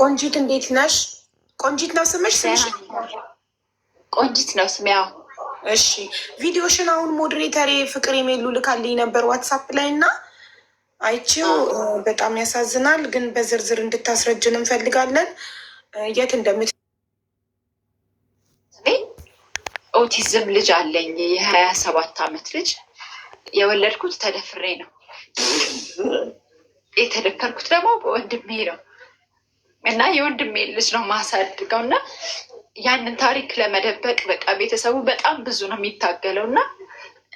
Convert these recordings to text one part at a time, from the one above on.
ቆንጂት እንዴት ነሽ? ቆንጂት ነው ስምሽ? ስምሽ ቆንጂት ነው ስሜ። ያው እሺ፣ ቪዲዮሽን አሁን ሞዴሬተሬ ፍቅር የሜሉ ልካልኝ ነበር ዋትሳፕ ላይ እና አይቼው በጣም ያሳዝናል፣ ግን በዝርዝር እንድታስረጅን እንፈልጋለን። የት እንደምት ኦቲዝም ልጅ አለኝ የሀያ ሰባት አመት ልጅ የወለድኩት ተደፍሬ ነው። የተደፈርኩት ደግሞ በወንድሜ ነው እና የወንድሜ ልጅ ነው ማሳድገው እና ያንን ታሪክ ለመደበቅ በቃ ቤተሰቡ በጣም ብዙ ነው የሚታገለው እና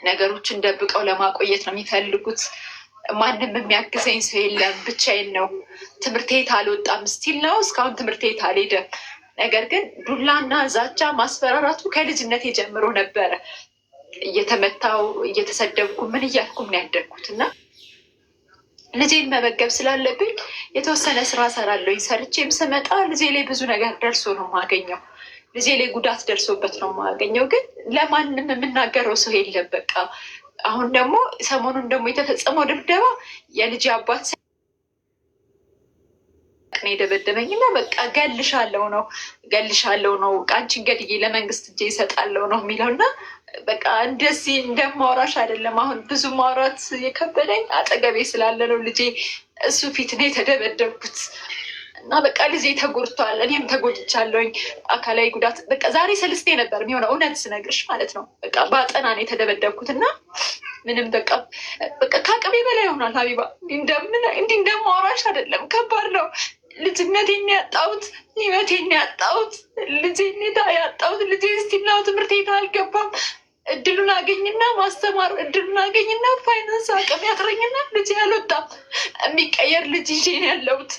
ነገሮችን ደብቀው ለማቆየት ነው የሚፈልጉት። ማንም የሚያግዘኝ ሰው የለም፣ ብቻዬን ነው። ትምህርት ቤት አልወጣም ስቲል ነው እስካሁን ትምህርት ቤት አልሄደም። ነገር ግን ዱላና ዛቻ ማስፈራራቱ ከልጅነት የጀምሮ ነበረ። እየተመታው እየተሰደብኩ ምን እያልኩም ነው ያደግኩት እና ልጄን መመገብ ስላለብኝ የተወሰነ ስራ ሰራለኝ። ሰርቼም ስመጣ ልጄ ላይ ብዙ ነገር ደርሶ ነው የማገኘው። ልጄ ላይ ጉዳት ደርሶበት ነው የማገኘው። ግን ለማንም የምናገረው ሰው የለም። በቃ አሁን ደግሞ ሰሞኑን ደግሞ የተፈጸመው ድብደባ የልጄ አባት የደበደበኝ እና በቃ ገልሻለው ነው ገልሻለው ነው አንቺን ገድዬ ለመንግስት እጄ ይሰጣለው ነው የሚለው እና በቃ እንደዚህ እንደማውራሽ አይደለም። አሁን ብዙ ማውራት የከበደኝ አጠገቤ ስላለ ነው። ልጄ እሱ ፊት ነው የተደበደብኩት እና በቃ ልጄ ተጎድቷል፣ እኔም ተጎድቻለሁኝ አካላዊ ጉዳት በቃ ዛሬ ሰልስቴ ነበር የሚሆነ እውነት ስነግርሽ ማለት ነው። በቃ በአጠና ነው የተደበደብኩት እና ምንም በቃ በቃ ከአቅሜ በላይ ይሆናል ሀቢባ። እንዲህ እንደማውራሽ አይደለም፣ ከባድ ነው። ልጅነቴን ያጣሁት ህይወቴን ያጣሁት ልጄን ያጣሁት ልጄ ስቲምናው ትምህርት ቤት አልገባም። እድሉን አገኝና ማስተማር እድሉን አገኝና ፋይናንስ አቅም ያጥረኝና ልጅ ያልወጣ የሚቀየር ልጅ ይዤ ነው ያለሁት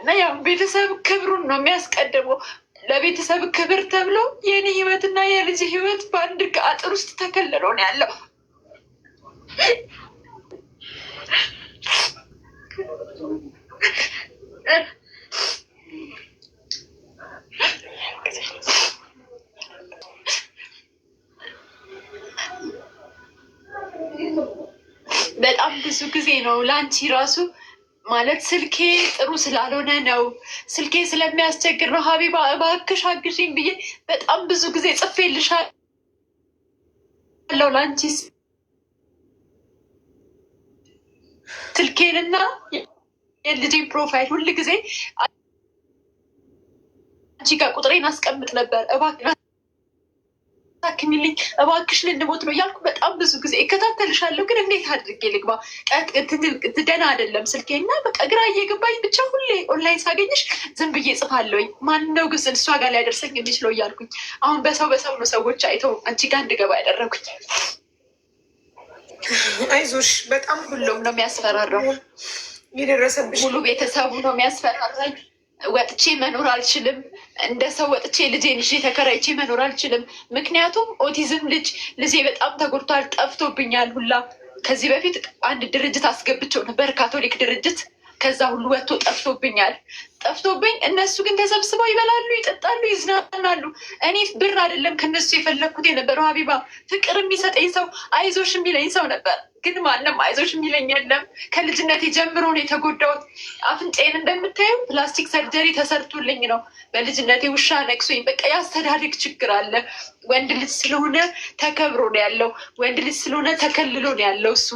እና ያው ቤተሰብ ክብሩን ነው የሚያስቀድመው። ለቤተሰብ ክብር ተብሎ የኔ ህይወትና የልጅ ህይወት በአንድ አጥር ውስጥ ተከልሎ ነው ያለው። ብዙ ጊዜ ነው ለአንቺ ራሱ ማለት ስልኬ ጥሩ ስላልሆነ ነው ስልኬ ስለሚያስቸግር ነው ሀቢባ እባክሽ አግዢኝ ብዬ በጣም ብዙ ጊዜ ጽፌልሻለሁ ለአንቺ ስልኬንና የልጅን ፕሮፋይል ሁል ጊዜ አንቺ ጋር ቁጥሬን አስቀምጥ ነበር እባክሽ ታክሚልኝ እባክሽ ልንሞት ነው እያልኩ በጣም ብዙ ጊዜ እከታተልሻለሁ፣ ግን እንዴት አድርጌ ልግባ? ትደና አይደለም ስልኬ እና በቃ ግራ እየገባኝ ብቻ ሁሌ ኦንላይን ሳገኝሽ ዝም ብዬ ጽፋለሁኝ። ማነው ግን እሷ ጋር ሊያደርሰኝ የሚችለው እያልኩኝ አሁን በሰው በሰው ነው ሰዎች አይተው አንቺ ጋር እንድገባ ያደረጉኝ። አይዞሽ፣ በጣም ሁሉም ነው የሚያስፈራራው። የደረሰብሽ ሙሉ ቤተሰቡ ነው የሚያስፈራራኝ። ወጥቼ መኖር አልችልም። እንደ ሰው ወጥቼ ልጄን ይዤ ተከራይቼ መኖር አልችልም። ምክንያቱም ኦቲዝም ልጅ ልጄ በጣም ተጎድቷል፣ ጠፍቶብኛል ሁላ ከዚህ በፊት አንድ ድርጅት አስገብቸው ነበር፣ ካቶሊክ ድርጅት ከዛ ሁሉ ወጥቶ ጠፍቶብኛል ጠፍቶብኝ እነሱ ግን ተሰብስበው ይበላሉ፣ ይጠጣሉ፣ ይዝናናሉ። እኔ ብር አይደለም ከነሱ የፈለግኩት የነበረው ሀቢባ ፍቅር የሚሰጠኝ ሰው አይዞሽ የሚለኝ ሰው ነበር። ግን ማንም አይዞሽ የሚለኝ የለም። ከልጅነት ጀምሮ ነው የተጎዳሁት። አፍንጫዬን እንደምታዩ ፕላስቲክ ሰርጀሪ ተሰርቶልኝ ነው። በልጅነቴ ውሻ ነቅሶኝ፣ በቃ የአስተዳደግ ችግር አለ። ወንድ ልጅ ስለሆነ ተከብሮ ነው ያለው። ወንድ ልጅ ስለሆነ ተከልሎ ነው ያለው እሱ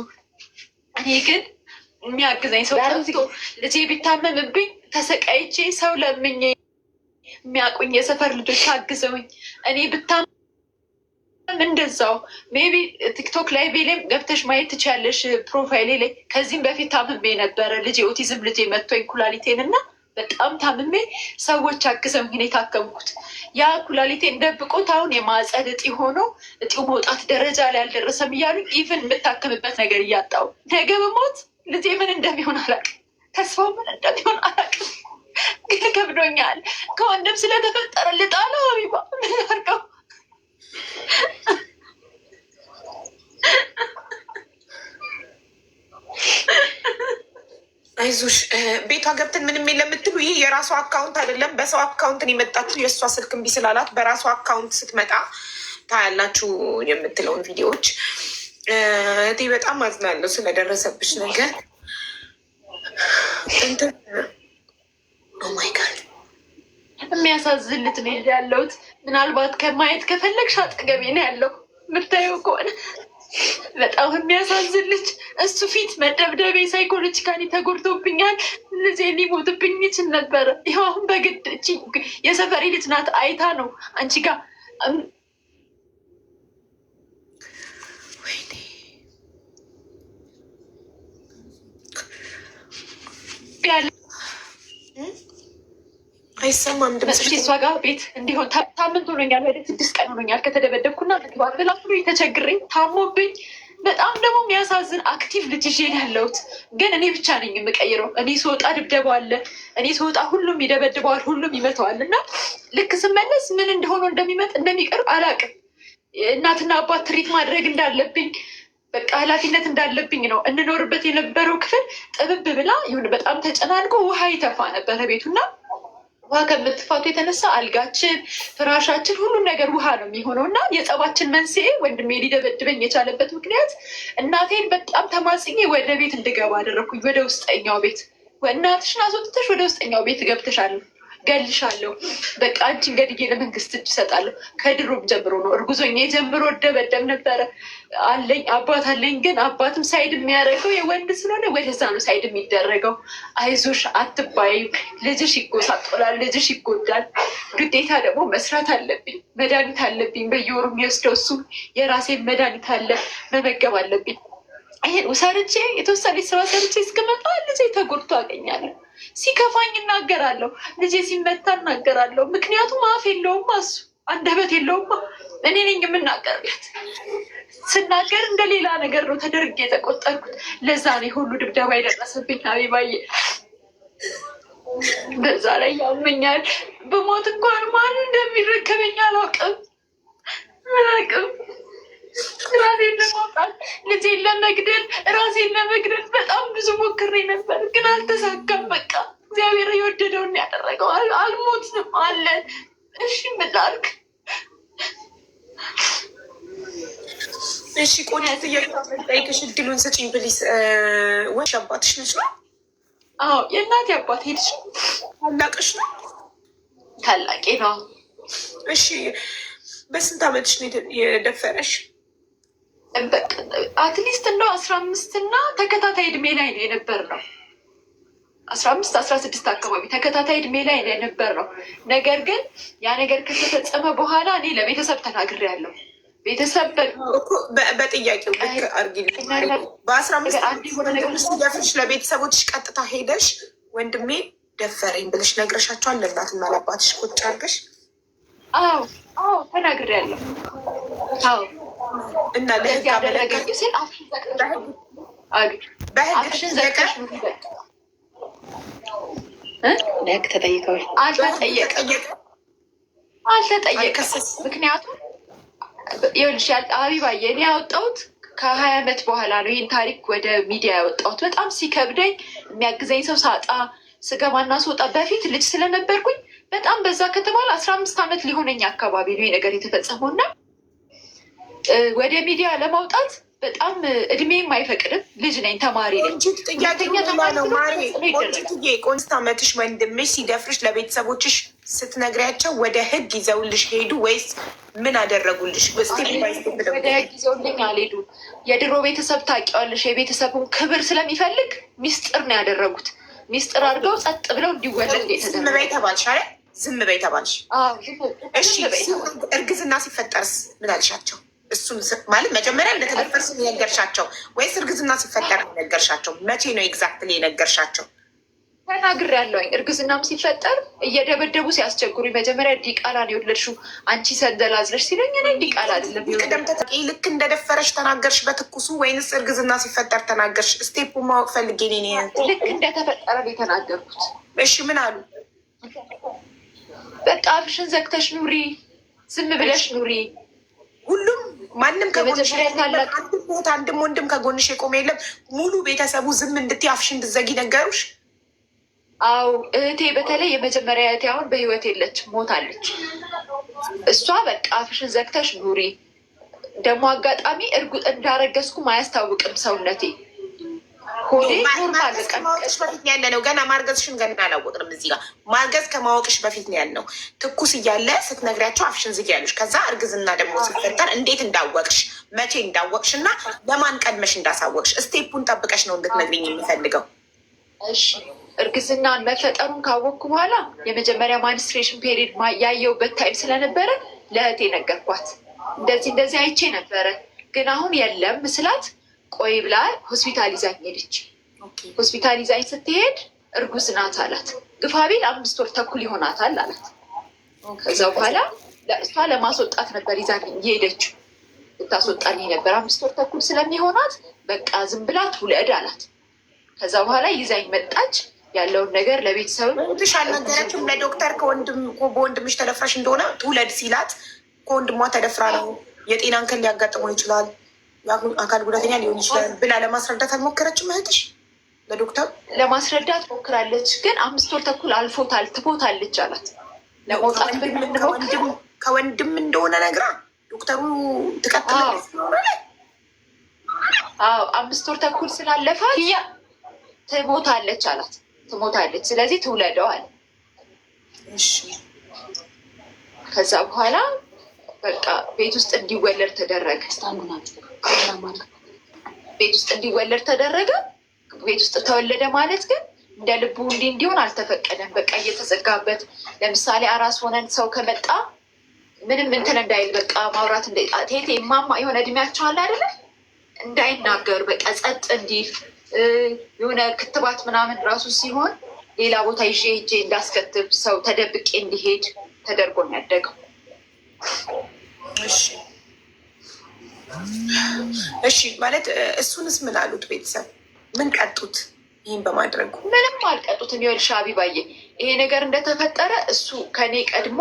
እኔ ግን የሚያግዘኝ ሰው ጠፍቶ ልጄ ቢታመምብኝ ተሰቃይቼ ሰው ለምኝ የሚያቁኝ የሰፈር ልጆች አግዘውኝ እኔ ብታመም እንደዛው ሜቢ ቲክቶክ ላይ ቤሌም ገብተሽ ማየት ትችያለሽ። ፕሮፋይሌ ላይ ከዚህም በፊት ታምሜ ነበረ። ልጄ ኦቲዝም ልጄ መጥቶኝ ኩላሊቴን እና በጣም ታምሜ ሰዎች አግዘው ግን የታከምኩት ያ ኩላሊቴን ደብቆት አሁን የማጸድ እጢ ሆኖ እጢው መውጣት ደረጃ ላይ አልደረሰም እያሉ ኢቨን የምታከምበት ነገር እያጣው ነገ በሞት ልጄ ምን እንደሚሆን አላውቅም። ተስፋው ምን እንደሚሆን አላውቅም። ግን ከብዶኛል። ከወንድም ስለተፈጠረ ልጣለ ሀቢባ ምን አድርገው አይዞሽ ቤቷ ገብተን ምንም የለምትሉ ይህ የራሷ አካውንት አይደለም፣ በሰው አካውንትን የመጣችው የእሷ ስልክ እምቢ ስላላት በራሷ አካውንት ስትመጣ ታያላችሁ የምትለውን ቪዲዮዎች እህቴ በጣም አዝናለሁ ስለደረሰብሽ ነገር። ኦማይጋድ የሚያሳዝን ልትል ያለሁት ምናልባት ከማየት ከፈለግሽ አጠገቤ ነው ያለው የምታየው ከሆነ በጣም የሚያሳዝን ልጅ እሱ ፊት መደብደቤ ሳይኮሎጂካሊ ተጎድቶብኛል። እነዚህ ሊሞትብኝ ይችል ነበረ። ይኸው አሁን በግድ የሰፈሪ ልጅ ናት አይታ ነው አንቺ ጋር አይሰማም ድምፅሽ። እሷ ጋር ቤት እንዲሆን ሳምንት ሆኖኛል፣ ወደ ስድስት ቀን ሆኖኛል ከተደበደብኩና ባላፍሮ የተቸግሬ ታሞብኝ በጣም ደግሞ የሚያሳዝን አክቲቭ ልጅ ይዤ ያለሁት። ግን እኔ ብቻ ነኝ የምቀይረው። እኔ ስወጣ ድብደባ አለ፣ እኔ ስወጣ ሁሉም ይደበድበዋል፣ ሁሉም ይመተዋል። እና ልክ ስመለስ ምን እንደሆነ እንደሚመጥ እንደሚቀርብ አላውቅም። እናትና አባት ትሪት ማድረግ እንዳለብኝ በቃ ኃላፊነት እንዳለብኝ ነው። እንኖርበት የነበረው ክፍል ጥብብ ብላ ይሁን በጣም ተጨናንቆ ውሃ ይተፋ ነበረ ቤቱና ውሃ ከምትፋቱ የተነሳ አልጋችን፣ ፍራሻችን፣ ሁሉም ነገር ውሃ ነው የሚሆነው እና የጸባችን መንስኤ ወንድሜ ሊደበድበኝ የቻለበት ምክንያት እናቴን በጣም ተማጽኜ ወደ ቤት እንድገባ አደረግኩኝ። ወደ ውስጠኛው ቤት እናትሽን አስወጥተሽ ወደ ውስጠኛው ቤት ገብተሻል ገልሻለሁ፣ በቃ አንቺን ገድዬ ለመንግስት እጅ እሰጣለሁ። ከድሮም ጀምሮ ነው እርጉዞኝ ጀምሮ ደበደብ ነበረ። አለኝ አባት አለኝ፣ ግን አባትም ሳይድ የሚያደርገው የወንድ ስለሆነ ወደዛ ነው ሳይድ የሚደረገው። አይዞሽ አትባይም፣ ልጅሽ ይጎሳጦላል፣ ልጅሽ ይጎዳል። ግዴታ ደግሞ መስራት አለብኝ፣ መድኃኒት አለብኝ፣ በየወሩ የሚወስደው እሱ የራሴን መድኃኒት አለ፣ መመገብ አለብኝ። ይሄን ውሰርቼ የተወሰነ ስራ ሰርቼ እስክመጣ ልጄ ተጎድቶ አገኛለሁ። ሲከፋኝ እናገራለሁ። ልጄ ሲመታ እናገራለሁ። ምክንያቱም አፍ የለውም እሱ አንደበት የለውም። እኔ ነኝ የምናገርለት። ስናገር እንደ ሌላ ነገር ነው ተደርጌ የተቆጠርኩት። ለዛ ነው ሁሉ ድብደባ የደረሰብኝ። አቢባዬ በዛ ላይ ያመኛል። በሞት እንኳን ማን እንደሚረከበኝ አላውቅም አላውቅም። ራሴን ለማውጣት ልጄን ለመግደል ራሴን ለመግደል በጣም ብዙ ሞክሬ ነበር፣ ግን አልተሳካም። በቃ እግዚአብሔር የወደደውን ያደረገው። አልሞትንም አለን። እሺ ምን ላድርግ? እሺ ቆንጆ ጥያቄ እድሉን ስጪኝ ብሊስ። ወንሽ አባትሽ ነች ነው? አዎ የእናቴ አባት ሄድሽ። ታላቅሽ ነው? ታላቄ ነው። እሺ በስንት አመትሽ ነው የደፈረሽ? አትሊስት እንደው አስራ አምስት እና ተከታታይ እድሜ ላይ ነው የነበር ነው አስራ አምስት አስራ ስድስት አካባቢ ተከታታይ እድሜ ላይ ነው የነበር ነው። ነገር ግን ያ ነገር ከተፈጸመ በኋላ እኔ ለቤተሰብ ተናግሬያለሁ። ቤተሰብ በጥያቄው በአስራ አምስት ለቤተሰቦች ቀጥታ ሄደሽ ወንድሜ ደፈረኝ ብለሽ ነግረሻቸዋል? ለእናትና ለአባትሽ ቁጭ አድርገሽ? አዎ አዎ ተናግሬያለሁ። አዎ እና ለህግ አመለከት በህግ ዘቀሽ ለህግ ተጠይቀዋል። አልተጠየቀም ምክንያቱም ይኸውልሽ ሀቢባዬ እኔ ያወጣሁት ከሀያ ዓመት በኋላ ነው ይህን ታሪክ ወደ ሚዲያ ያወጣሁት። በጣም ሲከብደኝ የሚያግዘኝ ሰው ሳጣ ስገባና ስወጣ በፊት ልጅ ስለነበርኩኝ በጣም በዛ ከተባለ አስራ አምስት ዓመት ሊሆነኝ አካባቢ ነው ነገር የተፈጸመው እና ወደ ሚዲያ ለማውጣት በጣም እድሜም አይፈቅድም። ልጅ ነኝ፣ ተማሪ ነኝ። ቆንጅት አመትሽ ወንድምሽ ሲደፍርሽ ለቤተሰቦችሽ ስትነግሪያቸው ወደ ህግ ይዘውልሽ ሄዱ ወይስ ምን አደረጉልሽ? ወደ ህግ ይዘውልኝ አልሄዱም። የድሮ ቤተሰብ ታውቂዋለሽ፣ የቤተሰቡን ክብር ስለሚፈልግ ሚስጥር ነው ያደረጉት። ሚስጥር አድርገው ጸጥ ብለው እንዲወለድ የተደረገ ዝም በይ ተባልሽ። እሺ እርግዝና ሲፈጠርስ ምን አልሻቸው? እሱም ማለት መጀመሪያ እንደተደፈርስ የነገርሻቸው ወይስ እርግዝና ሲፈጠር የነገርሻቸው? መቼ ነው ኤግዛክትሊ የነገርሻቸው? ያለውኝ እርግዝናም ሲፈጠር እየደበደቡ ሲያስቸግሩ መጀመሪያ ዲቃላ ነው የወለድሽው አንቺ ሰንደላዝለሽ ሲለኝ ነ ዲቃላ አይደለም ቅደም ተጠቂ ልክ እንደደፈረሽ ተናገርሽ በትኩሱ ወይንስ እርግዝና ሲፈጠር ተናገርሽ? ስቴፑ ማወቅ ፈልጌ እኔ ልክ እንደተፈጠረ የተናገርኩት። እሺ ምን አሉ? በቃ አፍሽን ዘግተሽ ኑሪ፣ ዝም ብለሽ ኑሪ ሁሉም ማንም ከጎንሽ አንድም ቦታ አንድም ወንድም ከጎንሽ የቆመ የለም። ሙሉ ቤተሰቡ ዝም እንድትይ አፍሽ እንድትዘጊ ነገሩሽ። አው እህቴ በተለይ የመጀመሪያ እህቴ አሁን በህይወት የለች ሞታለች። እሷ በቃ አፍሽን ዘግተሽ ኑሪ። ደግሞ አጋጣሚ እርጉጥ እንዳረገዝኩም አያስታውቅም ሰውነቴ ማርገዝ ከማወቅሽ በፊት ያለ ነው። ገና ማርገዝሽን ገና አላወቅንም። እዚህ ጋር ማርገዝ ከማወቅሽ በፊት ነው ትኩስ እያለ ስትነግሪያቸው አፍሽን ዝጊ ያሉሽ። ከዛ እርግዝና ደግሞ ስትፈጠር እንዴት እንዳወቅሽ፣ መቼ እንዳወቅሽ እና ቀድመሽ እንዳሳወቅሽ ስቴፑን ጠብቀሽ ነው እንድትነግሪኝ የምፈልገው። እርግዝና መፈጠሩን ካወቅኩ በኋላ የመጀመሪያ ማንስትሬሽን ፔሪድ ያየውበት ታይም ስለነበረ ለእህቴ ነገርኳት። እንደዚህ እንደዚህ አይቼ ነበረ ግን አሁን የለም ስላት ቆይ ብላ ሆስፒታል ይዛኝ ሄደች። ሆስፒታል ይዛኝ ስትሄድ እርጉዝ ናት አላት። ግፋ አምስት ወር ተኩል ይሆናታል አላት። ከዛ በኋላ እሷ ለማስወጣት ነበር ይዛኝ የሄደችው ልታስወጣልኝ ነበር። አምስት ወር ተኩል ስለሚሆናት በቃ ዝም ብላ ትውለድ አላት። ከዛ በኋላ ይዛኝ መጣች። ያለውን ነገር ለቤተሰብ ትሽ አልነገረችም ለዶክተር። በወንድምሽ ተደፍረሽ እንደሆነ ትውለድ ሲላት ከወንድሟ ተደፍራ ነው። የጤና እንከን ሊያጋጥመው ይችላል አካል ጉዳተኛ ሊሆን ይችላል ብላ ለማስረዳት አልሞከረችም እህትሽ? ለዶክተር ለማስረዳት ሞክራለች፣ ግን አምስት ወር ተኩል አልፎታል ትሞታለች አላት። ከወንድም እንደሆነ ነግራ ዶክተሩ ትቀጥላለች። አምስት ወር ተኩል ስላለፋት ትሞታለች አላት። ትሞታለች፣ ስለዚህ ትውለደዋል። ከዛ በኋላ በቃ ቤት ውስጥ እንዲወለድ ተደረገ። ቤት ውስጥ እንዲወለድ ተደረገ። ቤት ውስጥ ተወለደ ማለት ግን እንደ ልቡ እንዲህ እንዲሆን አልተፈቀደም። በቃ እየተዘጋበት ለምሳሌ አራስ ሆነን ሰው ከመጣ ምንም እንትን እንዳይል በቃ ማውራት ቴቴ የማማ የሆነ እድሜያቸው አለ አይደለ እንዳይናገሩ በቃ ጸጥ እንዲል የሆነ ክትባት ምናምን ራሱ ሲሆን ሌላ ቦታ ይዤ ሄጄ እንዳስከትብ ሰው ተደብቄ እንዲሄድ ተደርጎ ነው ያደገው። እሺ ማለት እሱንስ ምን አሉት? ቤተሰብ ምን ቀጡት? ይህን በማድረጉ ምንም አልቀጡትም። ይኸውልሽ ሀቢባዬ ይሄ ነገር እንደተፈጠረ እሱ ከኔ ቀድሞ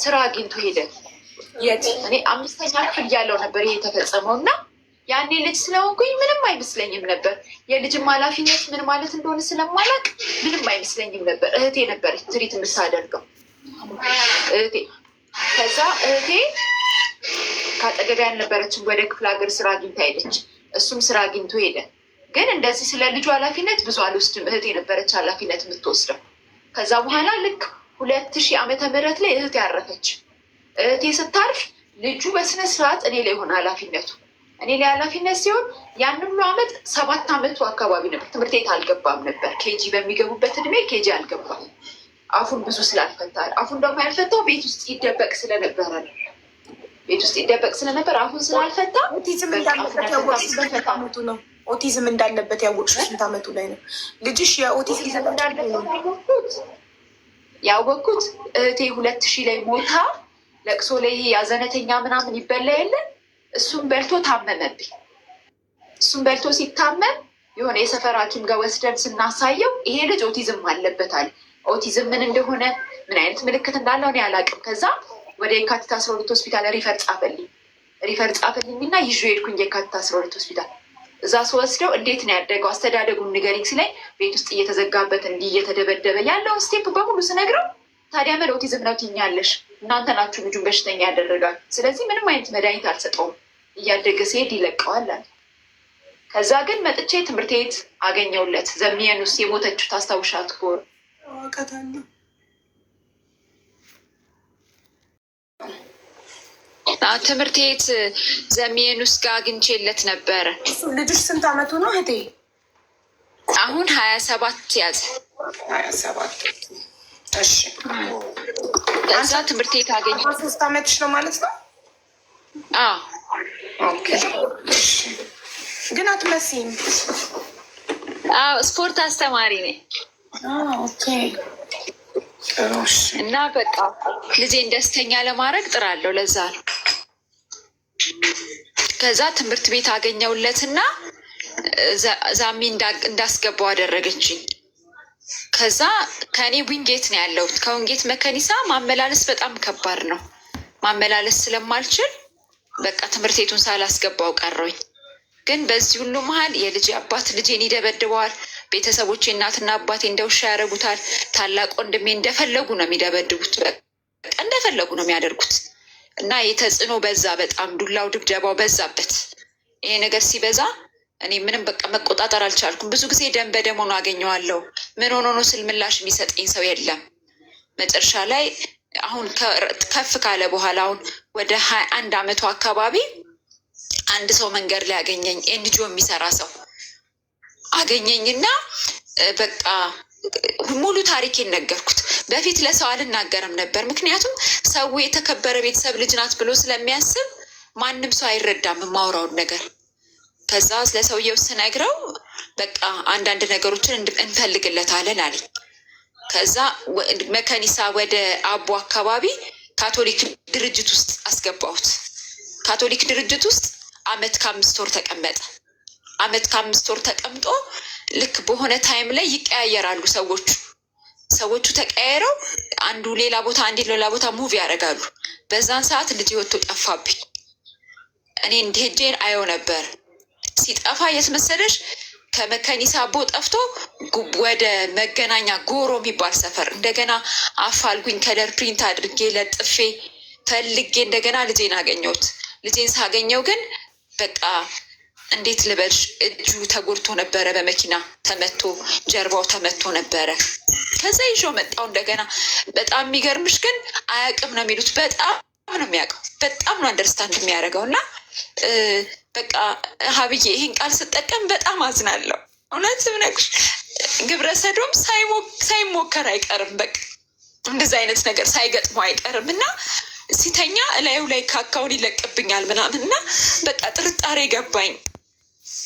ስራ አግኝቶ ሄደ። የት እኔ አምስተኛ ክፍል ያለው ነበር ይሄ የተፈጸመው እና ያኔ ልጅ ስለሆንኩኝ ምንም አይመስለኝም ነበር። የልጅም ኃላፊነት ምን ማለት እንደሆነ ስለማላቅ ምንም አይመስለኝም ነበር። እህቴ ነበረች ትሪት የምታደርገው እህቴ ከዛ እህቴ ከአጠገቤ ያልነበረችን ወደ ክፍለ ሀገር ስራ አግኝታ ሄደች። እሱም ስራ አግኝቶ ሄደ። ግን እንደዚህ ስለ ልጁ ኃላፊነት ብዙ አልወስድም፣ እህቴ የነበረች ኃላፊነት የምትወስደው። ከዛ በኋላ ልክ ሁለት ሺህ ዓመተ ምህረት ላይ እህቴ አረፈች። እህቴ ስታርፍ ልጁ በስነ ስርዓት እኔ ላይ ሆነ ኃላፊነቱ እኔ ላይ ኃላፊነት ሲሆን ያን ሁሉ ዓመት ሰባት ዓመቱ አካባቢ ነበር። ትምህርት ቤት አልገባም ነበር። ኬጂ በሚገቡበት እድሜ ኬጂ አልገባም አፉን ብዙ ስላልፈታል። አፉን ደግሞ ያልፈታው ቤት ውስጥ ይደበቅ ስለነበረ ነው። ቤት ውስጥ ይደበቅ ስለነበር አፉን ስላልፈታ ኦቲዝም እንዳለበት ያወቅሽ ስንታመቱ ነው። ኦቲዝም እንዳለበት ያወቅሽ አመቱ ላይ ነው። ልጅሽ የኦቲዝም እንዳለበት ያወቅኩት እህቴ ሁለት ሺህ ላይ ሞታ ለቅሶ ላይ ያዘነተኛ ምናምን ይበላ የለን እሱም በልቶ ታመመብኝ። እሱም በልቶ ሲታመም የሆነ የሰፈራችን ጋር ወስደን ስናሳየው ይሄ ልጅ ኦቲዝም አለበት አለ። ኦቲዝም ምን እንደሆነ ምን አይነት ምልክት እንዳለው እኔ አላውቅም። ከዛ ወደ የካቲት አስራ ሁለት ሆስፒታል ሪፈር ጻፈልኝ ሪፈር ጻፈልኝ እና ይዤ ሄድኩኝ የካቲት አስራ ሁለት ሆስፒታል። እዛ ስወስደው እንዴት ነው ያደገው አስተዳደጉን ንገሪኝ ሲለኝ ቤት ውስጥ እየተዘጋበት እንዲህ እየተደበደበ ያለውን ስቴፕ በሙሉ ስነግረው ታዲያ መል ኦቲዝም ነው ትኛለሽ፣ እናንተ ናችሁ ልጁን በሽተኛ ያደረጋል። ስለዚህ ምንም አይነት መድኃኒት አልሰጠውም፣ እያደገ ሲሄድ ይለቀዋል አለ። ከዛ ግን መጥቼ ትምህርት ቤት አገኘውለት ዘሚየን ውስጥ የሞተችው ታስታውሻት ከሆነ አውቃታለሁ። ትምህርት ቤት ዘሜን ውስጥ ጋር አግኝቼለት ነበረ። ልጅሽ ስንት አመቱ ነው እህቴ? አሁን ሀያ ሰባት ያዘ። ሀያ ሰባት እዛ ትምህርት ቤት አገኘ። ሶስት አመትሽ ነው ማለት ነው? ግን አትመስይም። ስፖርት አስተማሪ ነኝ እና በቃ ልጄን ደስተኛ ለማድረግ ጥራለሁ። ለዛ ነው። ከዛ ትምህርት ቤት አገኘውለትና ዛሚ እንዳስገባው አደረገችኝ። ከዛ ከእኔ ዊንጌት ነው ያለሁት። ከዊንጌት መከኒሳ ማመላለስ በጣም ከባድ ነው። ማመላለስ ስለማልችል በቃ ትምህርት ቤቱን ሳላስገባው ቀረኝ። ግን በዚህ ሁሉ መሀል የልጄ አባት ልጄን ይደበድበዋል። ቤተሰቦቼ እናትና አባቴ እንደ ውሻ ያደርጉታል። ታላቅ ወንድሜ እንደፈለጉ ነው የሚደበድቡት፣ እንደፈለጉ ነው የሚያደርጉት። እና የተጽዕኖ በዛ በጣም ዱላው ድብደባው በዛበት። ይሄ ነገር ሲበዛ እኔ ምንም በቃ መቆጣጠር አልቻልኩም። ብዙ ጊዜ ደም በደም ሆኖ አገኘዋለሁ። ምን ሆኖ ነው ስል ምላሽ የሚሰጠኝ ሰው የለም። መጨረሻ ላይ አሁን ከፍ ካለ በኋላ አሁን ወደ ሀያ አንድ አመቱ አካባቢ አንድ ሰው መንገድ ላይ ያገኘኝ ኤንጂኦ የሚሰራ ሰው አገኘኝና በቃ ሙሉ ታሪኬን ነገርኩት። በፊት ለሰው አልናገርም ነበር፣ ምክንያቱም ሰው የተከበረ ቤተሰብ ልጅ ናት ብሎ ስለሚያስብ ማንም ሰው አይረዳም የማውራውን ነገር። ከዛ ለሰውየው ስነግረው በቃ አንዳንድ ነገሮችን እንፈልግለታለን አለኝ። ከዛ መከኒሳ ወደ አቦ አካባቢ ካቶሊክ ድርጅት ውስጥ አስገባሁት። ካቶሊክ ድርጅት ውስጥ አመት ከአምስት ወር ተቀመጠ። አመት ከአምስት ወር ተቀምጦ ልክ በሆነ ታይም ላይ ይቀያየራሉ ሰዎቹ ሰዎቹ ተቀያይረው አንዱ ሌላ ቦታ አንድ ሌላ ቦታ ሙቪ ያደርጋሉ። በዛን ሰዓት ልጅ ወጥቶ ጠፋብኝ። እኔ እንደሄጄን አየው ነበር። ሲጠፋ የት መሰለሽ? ከመከኒሳ አቦ ጠፍቶ ወደ መገናኛ ጎሮ የሚባል ሰፈር እንደገና አፋልጉኝ ከለር ፕሪንት አድርጌ ለጥፌ ፈልጌ እንደገና ልጄን አገኘሁት። ልጄን ሳገኘው ግን በቃ እንዴት ልበልሽ፣ እጁ ተጎድቶ ነበረ፣ በመኪና ተመቶ ጀርባው ተመቶ ነበረ። ከዛ ይዞ መጣው እንደገና። በጣም የሚገርምሽ ግን አያውቅም ነው የሚሉት። በጣም ነው የሚያውቀው፣ በጣም ነው አንደርስታንድ የሚያደርገው። እና በቃ ሀብዬ ይህን ቃል ስጠቀም በጣም አዝናለሁ። እውነት ምነግርሽ ግብረ ሰዶም ሳይሞከር አይቀርም። በቃ እንደዚ አይነት ነገር ሳይገጥመው አይቀርም እና ሲተኛ እላዩ ላይ ካካውን ይለቅብኛል ምናምን እና በቃ ጥርጣሬ ገባኝ።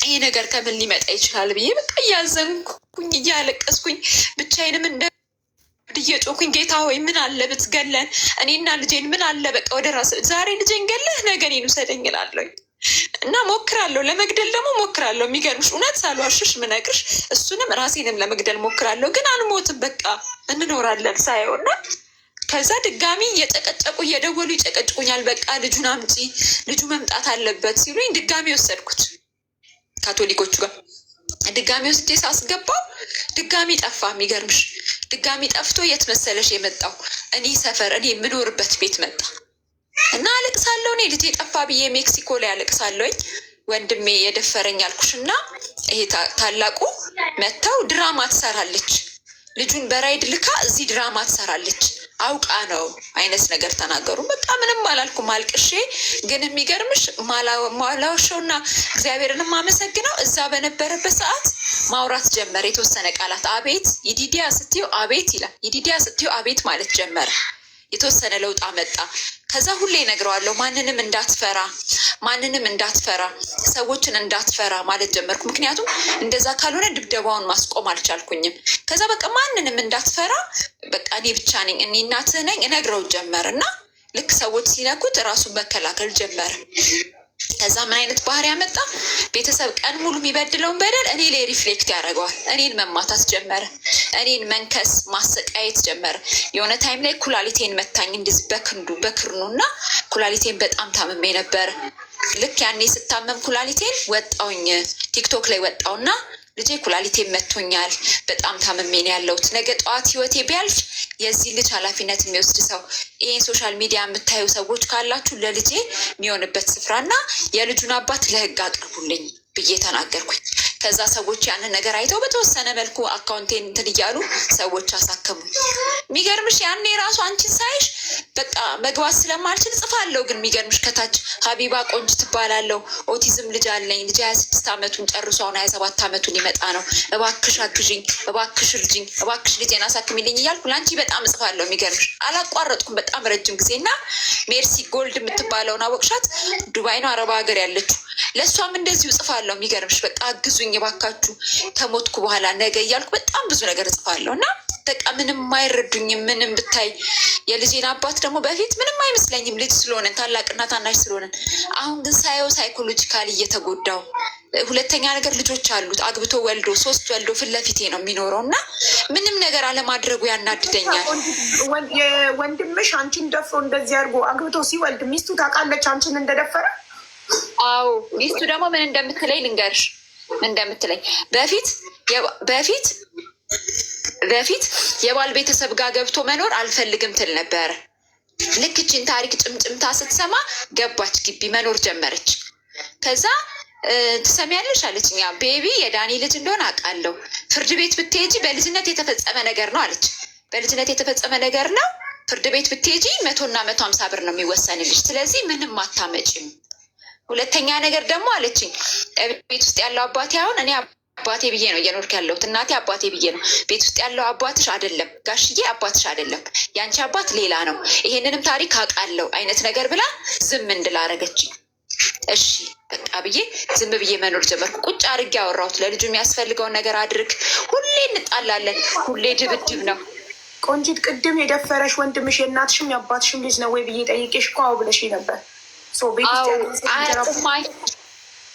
ይሄ ነገር ከምን ሊመጣ ይችላል ብዬ በቃ እያዘንኩኝ እያለቀስኩኝ ብቻዬንም እንደ እየጮኩኝ ጌታ ሆይ ምን አለ ብትገለን እኔና ልጄን ምን አለ በቃ ወደ ራስ ዛሬ ልጄን ገለህ ነገ እኔን ውሰደኝ እላለሁ እና ሞክራለሁ። ለመግደል ደግሞ ሞክራለሁ። የሚገርምሽ እውነት ሳልዋሽሽ ምነግርሽ እሱንም ራሴንም ለመግደል ሞክራለሁ። ግን አልሞትም። በቃ እንኖራለን ሳየው እና ከዛ ድጋሚ እየጨቀጨቁ እየደወሉ ይጨቀጭቁኛል። በቃ ልጁን አምጪ ልጁ መምጣት አለበት ሲሉኝ ድጋሚ ወሰድኩት። ካቶሊኮቹ ጋር ድጋሚ ወስጄ ሳስገባው ድጋሚ ጠፋ። የሚገርምሽ ድጋሚ ጠፍቶ የት መሰለሽ የመጣው እኔ ሰፈር እኔ የምኖርበት ቤት መጣ እና አለቅሳለሁ። እኔ ልጄ ጠፋ ብዬ ሜክሲኮ ላይ አለቅሳለሁኝ። ወንድሜ የደፈረኝ አልኩሽ እና ይሄ ታላቁ መጥተው ድራማ ትሰራለች። ልጁን በራይድ ልካ እዚህ ድራማ ትሰራለች። አውቃ ነው አይነት ነገር ተናገሩ። በቃ ምንም አላልኩም አልቅሼ። ግን የሚገርምሽ ማላውሸውና እግዚአብሔርን ማመሰግነው እዛ በነበረበት ሰዓት ማውራት ጀመረ የተወሰነ ቃላት። አቤት ይዲዲያ ስትዩ አቤት ይላል። ይዲዲያ ስትዩ አቤት ማለት ጀመረ። የተወሰነ ለውጥ አመጣ። ከዛ ሁሌ ነግረዋለሁ፣ ማንንም እንዳትፈራ ማንንም እንዳትፈራ ሰዎችን እንዳትፈራ ማለት ጀመርኩ። ምክንያቱም እንደዛ ካልሆነ ድብደባውን ማስቆም አልቻልኩኝም። ከዛ በቃ ማንንም እንዳትፈራ በቃ እኔ ብቻ ነኝ እኔ እናትህ ነኝ እነግረው ጀመር እና ልክ ሰዎች ሲነኩት እራሱን መከላከል ጀመር። ከዛ ምን አይነት ባህሪ ያመጣ ቤተሰብ ቀን ሙሉ የሚበድለውን በደል እኔ ላይ ሪፍሌክት ያደርገዋል። እኔን መማታት ጀመረ። እኔን መንከስ ማሰቃየት ጀመረ። የሆነ ታይም ላይ ኩላሊቴን መታኝ እንደዚህ በክንዱ በክርኑ እና ኩላሊቴን በጣም ታምሜ ነበር። ልክ ያኔ ስታመም ኩላሊቴን ወጣውኝ ቲክቶክ ላይ ወጣውና ልጄ ኩላሊቴ መቶኛል፣ በጣም ታመሜን ያለሁት ነገ ጠዋት ህይወቴ ቢያልፍ የዚህ ልጅ ኃላፊነት የሚወስድ ሰው ይህን ሶሻል ሚዲያ የምታዩ ሰዎች ካላችሁ ለልጄ የሚሆንበት ስፍራና የልጁን አባት ለህግ አቅርቡልኝ ብዬ ተናገርኩኝ። ከዛ ሰዎች ያንን ነገር አይተው በተወሰነ መልኩ አካውንቴን እንትን እያሉ ሰዎች አሳከሙ። የሚገርምሽ ያኔ ራሱ አንቺን ሳይሽ በቃ መግባት ስለማልችል ጽፋለሁ። ግን የሚገርምሽ ከታች ሀቢባ ቆንጅ ትባላለሁ፣ ኦቲዝም ልጅ አለኝ። ልጅ ሀያ ስድስት ዓመቱን ጨርሶ አሁን ሀያ ሰባት ዓመቱን ይመጣ ነው። እባክሽ አግዥኝ፣ እባክሽ እርጅኝ፣ እባክሽ ልጄን አሳክሚልኝ እያልኩ ለአንቺ በጣም እጽፋለሁ። የሚገርምሽ አላቋረጥኩም በጣም ረጅም ጊዜ እና ሜርሲ ጎልድ የምትባለውን አወቅሻት? ዱባይ ነው አረባ ሀገር ያለችው ለእሷም እንደዚሁ እጽፋለሁ። የሚገርምሽ በቃ አግዙኝ የባካችሁ ከሞትኩ በኋላ ነገ እያልኩ በጣም ብዙ ነገር እጽፋለሁ እና በቃ ምንም አይረዱኝም። ምንም ብታይ የልጄን አባት ደግሞ በፊት ምንም አይመስለኝም ልጅ ስለሆነን ታላቅና ታናሽ ስለሆነን። አሁን ግን ሳየው ሳይኮሎጂካል እየተጎዳው ሁለተኛ ነገር ልጆች አሉት አግብቶ ወልዶ ሶስት ወልዶ ፊት ለፊቴ ነው የሚኖረው እና ምንም ነገር አለማድረጉ ያናድደኛል። ወንድምሽ አንቺን ደፍሮ እንደዚህ አድርጎ አግብቶ ሲወልድ ሚስቱ ታውቃለች አንቺን እንደደፈረ አዎ ሚስቱ ደግሞ ምን እንደምትለኝ ልንገርሽ፣ ምን እንደምትለኝ በፊት በፊት በፊት የባል ቤተሰብ ጋር ገብቶ መኖር አልፈልግም ትል ነበር። ልክ ይህችን ታሪክ ጭምጭምታ ስትሰማ ገባች፣ ግቢ መኖር ጀመረች። ከዛ ትሰሚያለሽ አለችኛ፣ ቤቢ የዳኒ ልጅ እንደሆነ አውቃለሁ። ፍርድ ቤት ብትሄጂ በልጅነት የተፈጸመ ነገር ነው አለች። በልጅነት የተፈጸመ ነገር ነው። ፍርድ ቤት ብትሄጂ መቶና መቶ ሀምሳ ብር ነው የሚወሰንልሽ። ስለዚህ ምንም አታመጪም ሁለተኛ ነገር ደግሞ አለችኝ፣ ቤት ውስጥ ያለው አባቴ አሁን እኔ አባቴ ብዬ ነው እየኖርክ ያለሁት። እናቴ አባቴ ብዬ ነው። ቤት ውስጥ ያለው አባትሽ አይደለም፣ ጋሽዬ አባትሽ አይደለም፣ ያንቺ አባት ሌላ ነው። ይሄንንም ታሪክ አውቃለሁ አይነት ነገር ብላ ዝም እንድል አደረገችኝ። እሺ በቃ ብዬ ዝም ብዬ መኖር ጀመርኩ። ቁጭ አድርጌ ያወራሁት ለልጁ የሚያስፈልገውን ነገር አድርግ። ሁሌ እንጣላለን፣ ሁሌ ድብድብ ነው። ቆንጂት፣ ቅድም የደፈረሽ ወንድምሽ የእናትሽም የአባትሽም ልጅ ነው ወይ ብዬ ጠይቄሽ እኮ አዎ ብለሽ ነበር።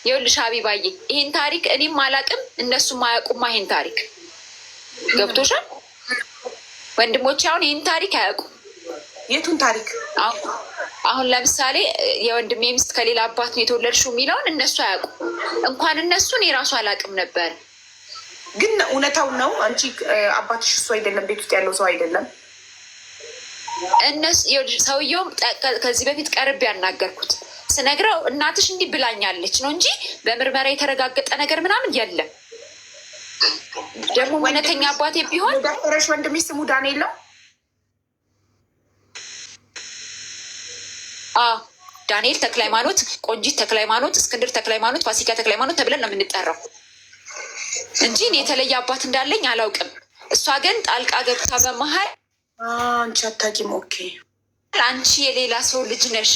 ይኸውልሽ ሀቢባዬ ይህን ታሪክ እኔም አላቅም እነሱም አያውቁማ። ይሄን ታሪክ ገብቶሻል? ወንድሞች አሁን ይህን ታሪክ አያውቁም። የቱን ታሪክ? አሁን ለምሳሌ የወንድሜ ሚስት ከሌላ አባት ነው የተወለድሽው የሚለውን እነሱ አያውቁም። እንኳን እነሱን የራሱ አላቅም ነበር። ግን እውነታው ነው። አንቺ አባትሽ እሱ አይደለም፣ ቤት ውስጥ ያለው ሰው አይደለም። እነሱ ሰውየውም ከዚህ በፊት ቀርብ ያናገርኩት ስነግረው እናትሽ እንዲህ ብላኛለች ነው እንጂ በምርመራ የተረጋገጠ ነገር ምናምን የለም። ደግሞ እውነተኛ አባቴ ቢሆን ዶክተሮች ወንድሜ ስሙ ዳንኤል ነው። ዳንኤል ተክለ ሃይማኖት፣ ቆንጂት ተክለ ሃይማኖት፣ እስክንድር ተክለ ሃይማኖት፣ ፋሲካ ተክለ ሃይማኖት ተብለን ነው የምንጠራው እንጂ የተለየ አባት እንዳለኝ አላውቅም። እሷ ግን ጣልቃ ገብታ በመሀል አንቺ አታውቂም። ኦኬ አንቺ የሌላ ሰው ልጅ ነሽ።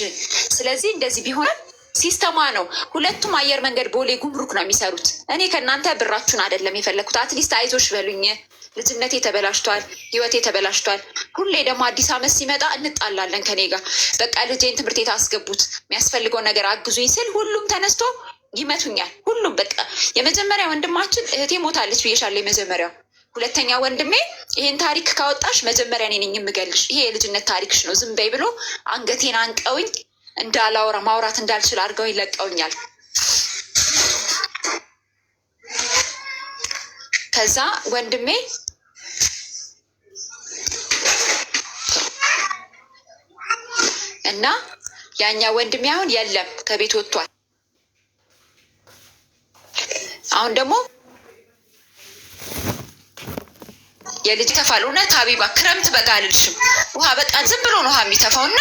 ስለዚህ እንደዚህ ቢሆን ሲስተማ ነው። ሁለቱም አየር መንገድ ቦሌ ጉምሩክ ነው የሚሰሩት። እኔ ከእናንተ ብራችሁን አይደለም የፈለግኩት። አትሊስት አይዞሽ በሉኝ። ልጅነቴ ተበላሽቷል፣ ህይወቴ ተበላሽቷል። ሁሌ ደግሞ አዲስ ዓመት ሲመጣ እንጣላለን ከኔ ጋር። በቃ ልጄን ትምህርት ቤት አስገቡት፣ የሚያስፈልገው ነገር አግዙኝ ስል ሁሉም ተነስቶ ይመቱኛል። ሁሉም በቃ የመጀመሪያ ወንድማችን እህቴ ሞታለች ብዬሻለሁ። የመጀመሪያው ሁለተኛ ወንድሜ ይህን ታሪክ ካወጣሽ መጀመሪያ እኔ ነኝ የምገልሽ፣ ይሄ የልጅነት ታሪክሽ ነው፣ ዝም በይ ብሎ አንገቴን አንቀውኝ እንዳላውራ ማውራት እንዳልችል አድርገው ይለቀውኛል። ከዛ ወንድሜ እና ያኛ ወንድሜ አሁን የለም ከቤት ወጥቷል። አሁን ደግሞ የልጅ ተፋል። እውነት ሀቢባ ክረምት በጋ አልልሽም። ውሃ በጣም ዝም ብሎ ነው ውሃ የሚተፋው እና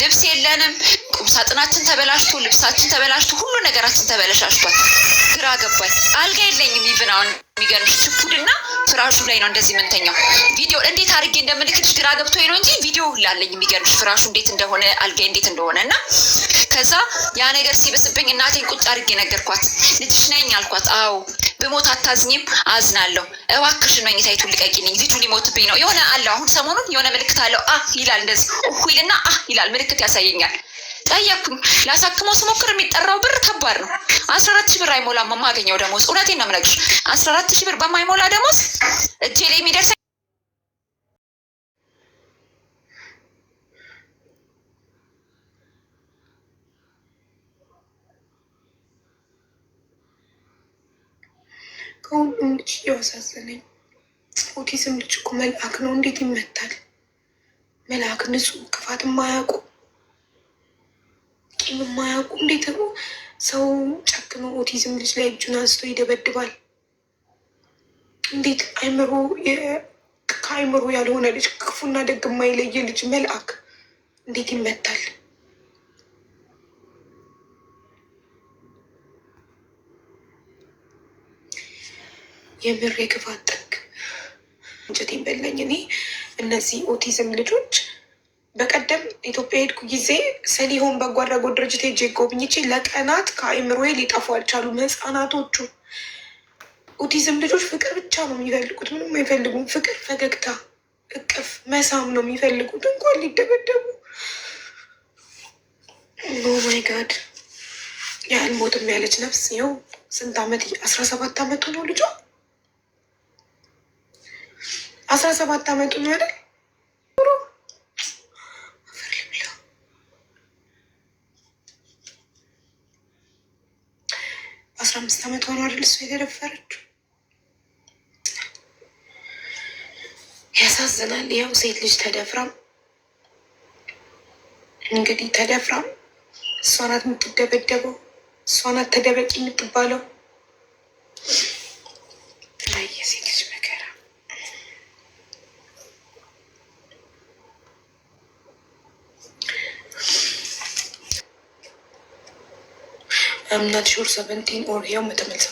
ልብስ የለንም። ቁምሳጥናችን ተበላሽቶ፣ ልብሳችን ተበላሽቶ፣ ሁሉ ነገራችን ተበለሻሽቷል። ግራ ገባኝ። አልጋ የለኝም ይብናውን የሚገርምሽ እና ፍራሹ ላይ ነው እንደዚህ የምንተኛው። ቪዲዮ እንዴት አድርጌ እንደምልክልሽ ግራ ገብቶ ነው እንጂ ቪዲዮ ላለኝ የሚገርምሽ ፍራሹ እንዴት እንደሆነ አልጋ እንዴት እንደሆነ እና ከዛ ያ ነገር ሲበስብኝ እናቴን ቁጭ አድርጌ ነገርኳት። ልጅሽ ነኝ አልኳት። አዎ ብሞት አታዝኝም? አዝናለሁ። እባክሽን መኝታይቱን ልቀቂልኝ፣ ልጁ ሊሞትብኝ ነው። የሆነ አለው አሁን ሰሞኑን የሆነ ምልክት አለው። አ ይላል እንደዚህ እሁ ይልና አ ይላል ምልክት ያሳየኛል። ጠየቅኩኝ። ላሳክመው ስሞክር የሚጠራው ብር ከባድ ነው። አስራ አራት ሺ ብር አይሞላ የማገኘው ደሞዝ። እውነቴን ነው የምነግርሽ። አስራ አራት ሺ ብር በማይሞላ ደሞዝ እጄ ላይ የሚደርሰ ከሁሉ እንግዲህ ያሳዘነኝ ኦቲዝም ልጅ እኮ መልአክ ነው። እንዴት ይመታል? መልአክ ንጹህ ክፋት ማያውቁ ቂም የማያውቁ እንዴት ነው ሰው ጨክኖ ኦቲዝም ልጅ ላይ እጁን አንስቶ ይደበድባል? እንዴት አይምሮ ከአይምሮ ያልሆነ ልጅ ክፉና ደግ የማይለየ ልጅ መልአክ እንዴት ይመታል? የምር የክፋት ጥግ እንጨት በላኝ። እኔ እነዚህ ኦቲዝም ልጆች በቀደም ኢትዮጵያ ሄድኩ ጊዜ ሰሊሆን በጎ አድራጎት ድርጅት ሄጄ ጎብኝቼ ለቀናት ከአእምሮዬ ሊጠፉ አልቻሉም። ህፃናቶቹ ኦቲዝም ልጆች ፍቅር ብቻ ነው የሚፈልጉት። ምንም አይፈልጉም። ፍቅር፣ ፈገግታ፣ እቅፍ፣ መሳም ነው የሚፈልጉት። እንኳን ሊደበደቡ ኦማይ ጋድ ያልሞትም ያለች ነፍስ ይኸው ስንት ዓመት አስራ ሰባት ዓመቱ ነው ልጇ አስራ ሰባት ዓመቱ ነው አይደል አስራ አምስት ዓመት ሆኖ አይደል እሷ የተደፈረችው። ያሳዝናል። ያው ሴት ልጅ ተደፍራም እንግዲህ ተደፍራም እሷ ናት የምትደበደበው፣ እሷ ናት ተደበቂ የምትባለው። I'm not sure 17 or here, but I'm